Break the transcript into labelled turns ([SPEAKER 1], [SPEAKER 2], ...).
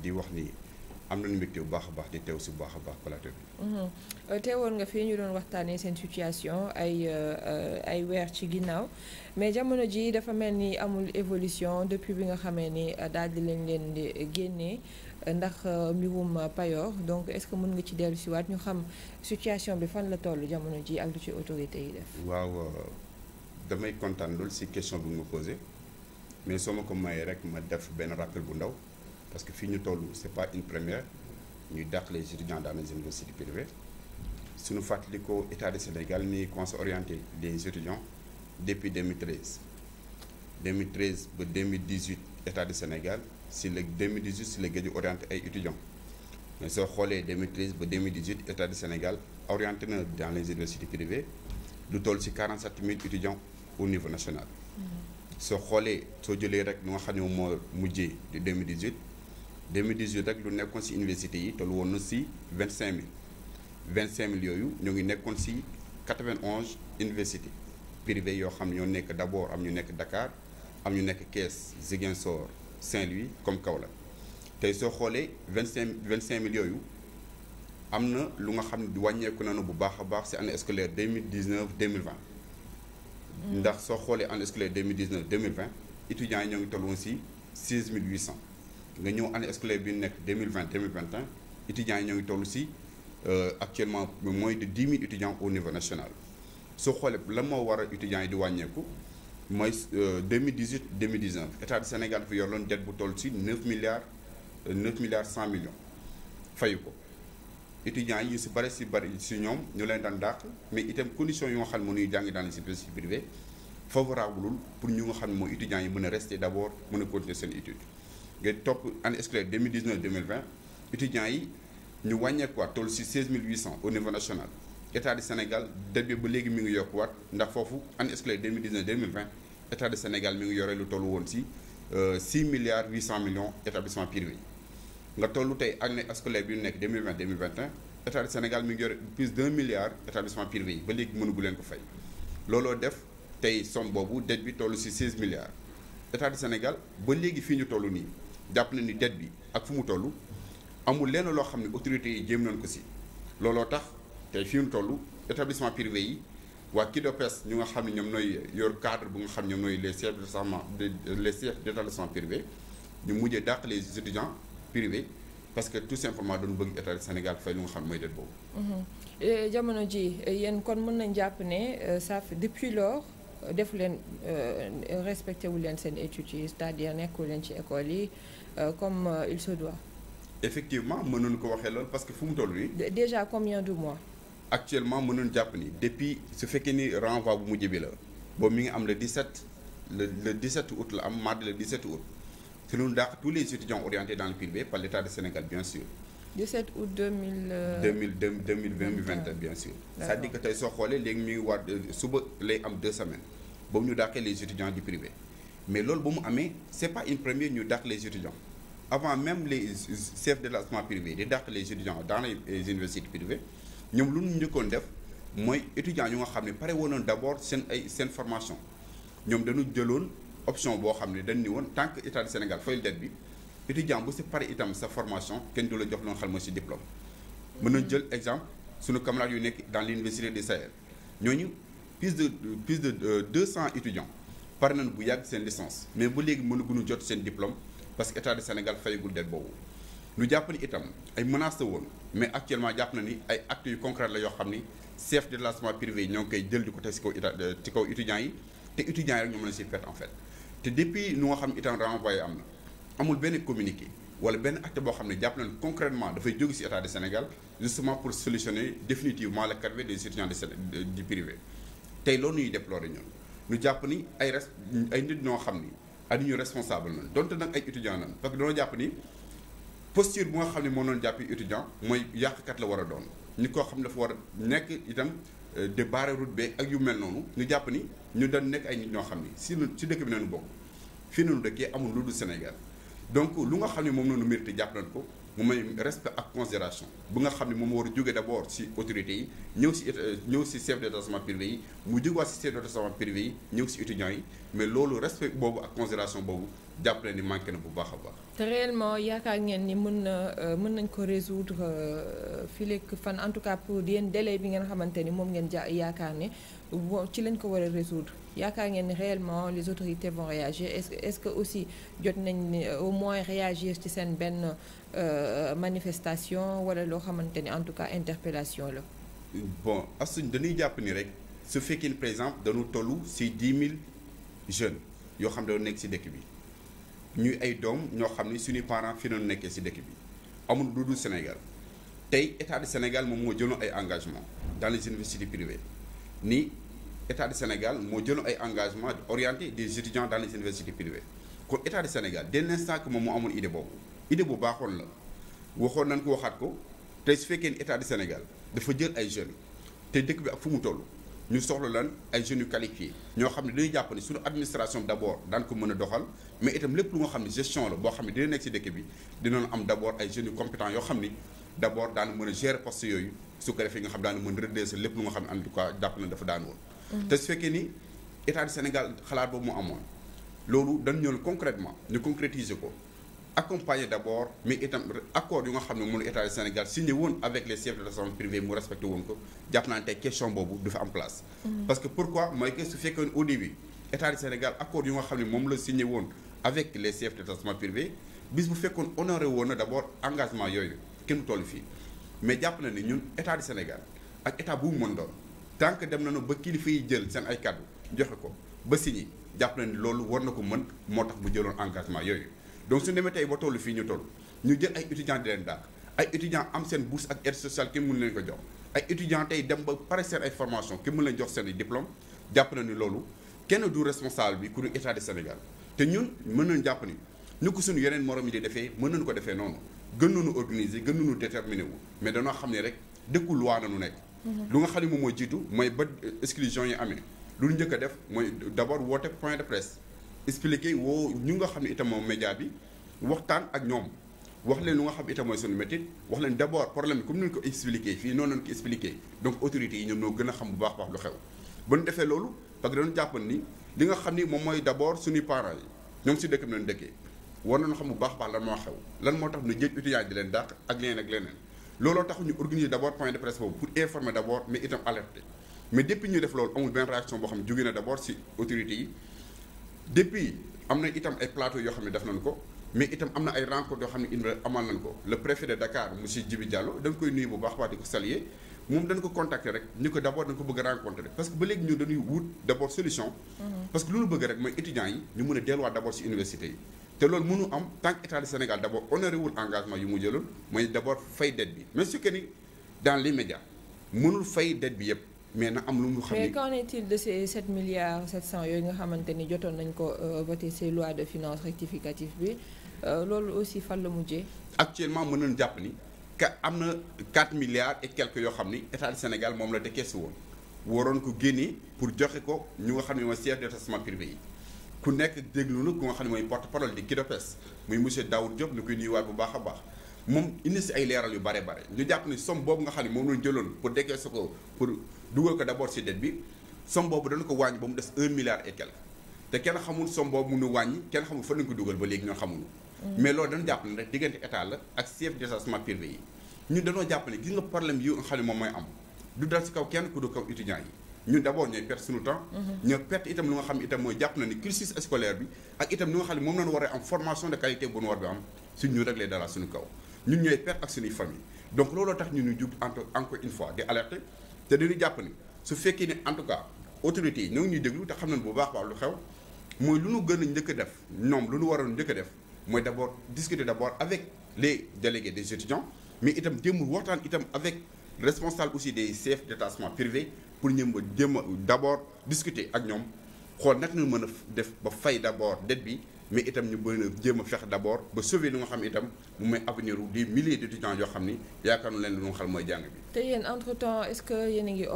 [SPEAKER 1] di wax ni am na mbégte bu baax a baax di teew si baax a baax plateau bi.
[SPEAKER 2] Mm-hmm. Euh, teewoon nga fii ñu doon waxtaanee seen situation ay euh, ay weer ci ginnaaw mais jamono ji dafa mel ni amul évolution depuis bi nga xamee ni euh, daal di leen leen di génnee ndax mbirum payoor donc est-ce que mën nga ci dellu si waat ñu xam situation bi fan la toll jamono ji ak lu ci autorité yi def.
[SPEAKER 1] waaw damay kontaan loolu si question bi nga posé mais soo ma ko mayee rek ma def benn rappel bu ndaw. parce que fii ñu toll c'est pas une première ñuy dàq les étudiants dans les universités privées suñu fàttali ko état du Sénégal nii qu'on s'est orienté les étudiants depuis 2013 2013 ba 2018 état du Sénégal si la 2018 si la gëj a orienté ay étudiants mais soo xoolee 2013 ba 2018 état du Sénégal orienté na dans les universités privées lu toll si 47 000 étudiants au niveau national.
[SPEAKER 2] Mm-hmm.
[SPEAKER 1] soo xoolee soo jëlee rek nu nga xam ne mu mujjee di 2018. 2018 rek lu nekkoon si université yi tollu woon na si 25000 25000 yooyu ñoo ngi nekkoon si 91 université privé yoo xam ñoo nekk d' abord am ñu nekk dakaar am ñu nekk Kees Ziguinchor Saint-Louis comme Kaolack tey soo xoolee 25 25000 yooyu am na lu nga xam ne wàññeeku nañu bu baax a baax si année scolaire 2019 2020. Mm. ndax soo xoolee année scolaire 2019 2020 étudiants yi ñoo ngi tolloon si 6800. nga ñëw année scolaire bi nekk 2020 2021 étudiants yi ñoo ngi toll si euh, actuellement moins de 10 000 étudiants au niveau national soo xoolee lan moo war a étudiants yi di wàññeeku mooy 2018 euh, 2019 état du Sénégal fi yor loon dette bu toll si 9 milliards 9 euh, milliards 100 millions fayu ko étudiants yi si bëri si bëri si ñoom ñu leen daan dàq mais itam condition yi nga xam ne ñuy jàngi daan si si privé favorable pour ñu nga xam moo mooy étudiants yi mun a rester d' abord mën a continuer seen étude nga topp année scolaire 2019 2020 étudiants yi ñu wàññeekuwaat toll si 16800 au niveau national état du Sénégal dette bi ba léegi mi ngi yokkuwaat ndax foofu année scolaire 2019 2020 état du Sénégal mi ngi yore lu toll woon euh, si 6 milliards 800 millions établissement privé yi nga toll tey année scolaire bi ñu nekk 2020 2021 état du Sénégal mi ngi yore plus d' 1 milliard établissement privé yi ba léegi mënu gu leen ko fay looloo def tey somme boobu dette bi toll si 16 milliards état du Sénégal ba léegi fii ñu toll nii. jàpp na ni dette bi ak fu mu toll amul lenn loo xam ne autorités yi jéem nañ ko si looloo tax tey fi mu toll établissement privé yi waa KIDOPES ñu nga xam ne ñoom nooy yor cadre bu nga xam ñoom nooy les chefs de les chefs d'établissement privé ñu mujjee dàq les étudiants privés parce que tout simplement dañu bëgg état du Sénégal fay lu nga xam mooy dette boobu.
[SPEAKER 2] Mm-hmm. Euh, jamono ji yéen kon mën nañ jàpp ne euh, ça depuis lors euh, defu leen respecté wu leen seen études yi c'est-à-dire leen ci yi. Euh, comme euh, il se doit.
[SPEAKER 1] effectivement mënoon ko waxee loolu parce que fu mu toll nii.
[SPEAKER 2] déjà combien de mois.
[SPEAKER 1] actuellement mënoon jàpp ni depuis su fekkee ni renvoi bu mujj bi la boobu mi ngi am le 17 le le 17 août la am mardi le 17 août te loolu dàq tous les étudiants orientés dans le privé par l'État du Sénégal bien sûr.
[SPEAKER 2] 17 août
[SPEAKER 1] tey soo xoolee léegi ñuy war euh, suba lay am deux semaines boobu ñu dàqee les étudiants du privé mais loolu ba mu amee c'est pas une avant même les chefs de l'enseignement privé di dàq les étudiants dans les universités privées ñoom lu ñu njëkkoon def mooy étudiants yu nga xam ne pare woon d' abord seen ay seen formation ñoom dañu jëloon option boo xam ne dañ ni woon tant que état du Sénégal fayul dette bi étudiant bu si pare itam sa formation kenn du la jox loo xam mooy si diplôme. mën nañ jël exemple suñu camarades yu nekk dans l' de du Sahel ñooñu plus de plus de 200 euh, étudiants pare nañ bu yàgg seen licence mais ba léegi mënaguñu jot seen diplôme. parce que état du Sénégal fayagul det boobu ñu jàpp ni itam ay menaces la woon mais actuellement jàpp na ni ay actes yu la yoo xam ni chef de classement privé yi ñoo ngi koy jël di te étudiants yi rek ñu mën a en fait te depuis nu nga xam itam renvoyé am na amul benn communiqué wala benn acte boo xam ne jàpp nañu concrètement dafay jóge si état du Sénégal justement pour solutionner définitivement le calvaire des étudiants du privé tey loolu ñuy déploré ñun ñu jàpp ni ay res ay nit ñoo xam ni ak ñu responsable nan donte nag ay étudiant nan parce que dañoo jàpp ni posture bu nga xam ne moo doon jàpp étudiant mooy yàqkat la war a doon ñi koo xam ne dafa war a nekk itam euh, de barrer route ba ak yu mel noonu ñu jàpp ni ñu daan nekk ay nit ñoo xam ne si si dëkk bi nañu bokk fii nañu dëkkee amul lu dul Sénégal donc lu nga xam ne moom noonu mérité jàpp nañ ko mu may respect ak considération bu nga xam ne moom war a jógee d' abord si autorités yi ñëw si euh, ñëw si chef d'établissement privé yi mu jógewaat si chef d'établissement privé yi ñëw si étudiants yi mais loolu respect boobu ak considération boobu jàpp leen ni na bu baax a baax.
[SPEAKER 2] te réellement yaakaar ngeen ni mën na euh, mën nañ ko résoudre euh, fii léegi fan en tout cas pour yéen délai bi ngeen xamante ni moom ngeen ja yaakaar ne ci lañ ko war a résoudre yaakaar ngeen ni réellement les autorités vont réagir est-ce que est-ce que aussi jot nañ euh, au moins réagir ci seen benn manifestation wala loo xamante ni en tout cas interpellation la.
[SPEAKER 1] bon asuñ dañuy jàpp ni rek su fekkee par exemple dañu tollu ci 10 mille jeunes yoo xam ne dañu nekk si dëkk bi. ñuy ay doom ñoo xam ne suñuy parent fi noonu nekkee si dëkk bi amul lu Sénégal tey état du Sénégal moom moo jëloo ay engagement dans les universités privées ni état du Sénégal moo jëloo ay engagement orienté des étudiants dans les universités privées kon état du Sénégal dès l'instant que moom amul idée boobu idée bu baaxoon la waxoon nañ ko waxaat ko tey su fekkee ni état du Sénégal dafa jël ay jeunes te dëkk bi ak fu mu toll ñu soxla lan ay jeunes yu qualifiés ñoo xam ne dañuy jàpp ne suñu administration d' abord daan ko mën a doxal mais itam lépp lu nga xam ne gestion la boo xam ne dina nekk si dëkk bi dinañ am d' abord ay jeunes yu ni d' abord daan a gérer poste yooyu su ko defee nga xam daan mën redresser lépp lu nga xam ne en tout cas jàpp na dafa daan woon mm-hmm. te su fekkee ni état Sénégal xalaat boobu moo amoon loolu dañ ñëw concrètement ñu concrétiser ko accompagner d' abord mais itam accord yu nga xam ne moom état du Sénégal signé woon avec les chefs de l'assemblée privée mu respecté woon ko jàpp naa ne tey question boobu du fa am place. Mm-hmm. parce que pourquoi mooy que su fekkoon au début état du Sénégal accord yu nga ne moom la signé woon avec les chefs de l'assemblée privée bis bu fekkoon honoré woon na d' abord engagement kenn tollu fii mais jàpp na ne ñun état du Sénégal ak état bu mu mën doon tant que dem nañu ba kilifa yi jël seen ay kàddu joxe ko ba signé jàpp na ne loolu war na ko mën moo tax bu jëloon engagement yooyu. donc suñu demee tey ba toll fii ñu toll ñu jël ay étudiants di leen dàq ay étudiants am seen buus ak aide sociale kenn mënu leen ko jox ay étudiants tey dem ba pare seen ay formation kenn mënu leen jox seen i diplôme jàpp na ni loolu kenn du responsable bi ku du état de Sénégal te ñun mën nañu jàpp ni ñu ko suñu yeneen morom yi di defee mën nañu ko defee noonu gën nañu organiser gën nañu déterminer wu mais danoo xam ne rek dëkku loi nañu nekk mm-hmm. lu nga xam ne moom moo jiitu mooy ba exclusion yi amee lu ñu njëkk def mooy d'abord woote point de presse expliquer woo ñu nga xam ne itam moom média bi waxtaan ak ñoom wax leen lu nga xam itam mooy wax leen d' abord problème bi comme ni ñu expliqué fii yi ñoom ñoo a xam bu baax baax lu xew ñu que dañu jàpp nga xam ni moom mooy d' abord suñuy parents yi ñoom si dëkk bi lañ dëkkee war nañu xam bu baax moo xew lan moo leen dàq ak looloo tax ñu organiser d' abord point de presse boobu pour informer d' abord itam mais depuis ñu def loolu amul benn réaction boo xam ne na d' abord si autorités yi depuis am na itam ay plateau yoo xam ne def nañ ko mais itam am na ay rencontre yoo xam ne indi amal nañ ko le préfet de Dakar monsieur Djibi Diallo dañ koy nuyu bu baax baax di ko saluer moom dañ ko contacter rek ñu ko d' abord ko bëgg a rencontrer parce que ba léegi ñu dañuy wut d' abord solution. Mm-hmm. parce que lu ñu bëgg rek mooy étudiants yi ñu mën a delluwaat d' abord si université yi. te loolu mënu am tant que état du Sénégal d' abord honoré mooy d' abord fay dette bi ni dans l' immédiat mënul fay dette bi yëpp. mais na am lu mu xam mais qu'en
[SPEAKER 2] est-il de ces 7 milliards 700 yooyu nga xamante ni jotoon nañ ko euh, voté ces lois de finances rectificatives bi euh, loolu aussi fan la mujjee.
[SPEAKER 1] actuellement mën nañu jàpp ni ka am na 4 milliards et quelques yoo xam ni état du Sénégal moom la décaissé woon waroon ko génnee pour joxe ko ñu nga xam ne mooy chef d'investissement privé yi. ku nekk déglu na ku nga xam ne mooy porte-parole di KIDOPES muy monsieur Daoud Diop ñu koy nuyuwaat bu baax a baax moom indi si ay leeral yu bare bare ñu jàpp ni somme boobu nga xam ne moom la ñu jëloon pour décaissé ko pour. dugal ko d' abord si dette bi somme bu dana ko wàññi ba mu des un milliard et quelque te kenn xamul somme boobu mënu wàññi kenn xamul fan lañ ko dugal ba léegi ñoo xamul. Mm. mais loolu dañu jàpp ne rek diggante état la ak chef de déclassement privé yi ñun dañoo moom mooy am du dal si kaw kenn ku du kaw étudiants yi ñun d' mm-hmm. lu nga xam itam mooy jàpp na ni cursus scolaire bi ak itam li nga a formation de qualité bu nu war bi am suñ ñu réglé dara suñu kaw ñun looloo tax ñun ñu jug encore une fois di alerter te li nu jàpp ni su fekkee ne en tout cas autorités yi ñoo ngi ñuy déglu te xam nañ bu baax baax lu xew mooy lu nu gën a njëkk def ñoom lu nu waroon njëkk a def mooy d' abord discuter d' abord avec les délégués des étudiants mais itam jéem waxtaan itam avec responsable aussi des chefs d' établissement privé pour ñëm ba jéem a d' abord discuter ak ñoom xool nag ñu mën a def ba fay d' abord dette bi mais itam ñu bëri na fex d' ba sauver li nga xam itam mu may avenir
[SPEAKER 2] des milliers d' étudiants yoo xam ni yaakaar na leen lu ñu xal mooy jàng bi. te yéen entre temps est ce que yéen